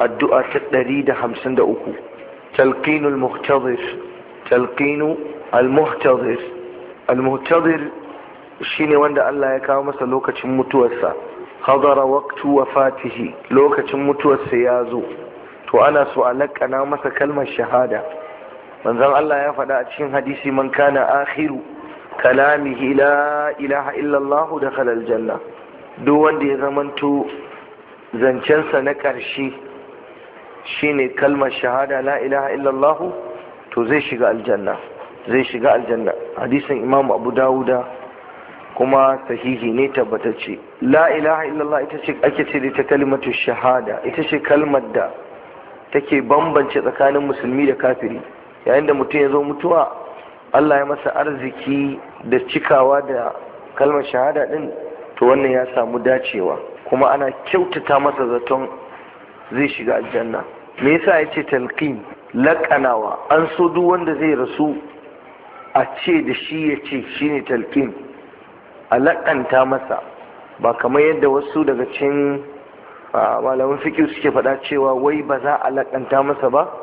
addu'a ta ɗari da hamsin da muhtadir talqinu al-muhtadir al-muhtadir shine wanda Allah ya kawo masa lokacin mutuwarsa hadara waqtu wafatihi lokacin mutuwarsa ya zo to ana so a lakana masa kalmar shahada manzon Allah ya faɗa a cikin hadisi man kana akhiru kalamihi la ilaha illallah dakhala janna. duk wanda ya zamanto zancensa na ƙarshe shine kalmar shahada la ilaha illallah to zai shiga aljanna zai shiga aljanna hadisin imam abu dawuda kuma sahihi ne tabbatacce la ilaha illallah ita ce ake ce da ita kalmatu shahada ita ce kalmar da take bambance tsakanin musulmi da kafiri yayin da mutum ya zo mutuwa Allah ya masa arziki da cikawa da kalmar shahada din to wannan ya samu dacewa kuma ana kyautata masa zaton zai shiga aljanna me yasa ya ce talqin laƙanawa an so duk wanda zai rasu a ce da shi ya ce shi ne talqin a laƙanta masa ba kamar yadda wasu daga cikin ah, malamin fikir suke faɗa cewa wai ba za a laƙanta masa ba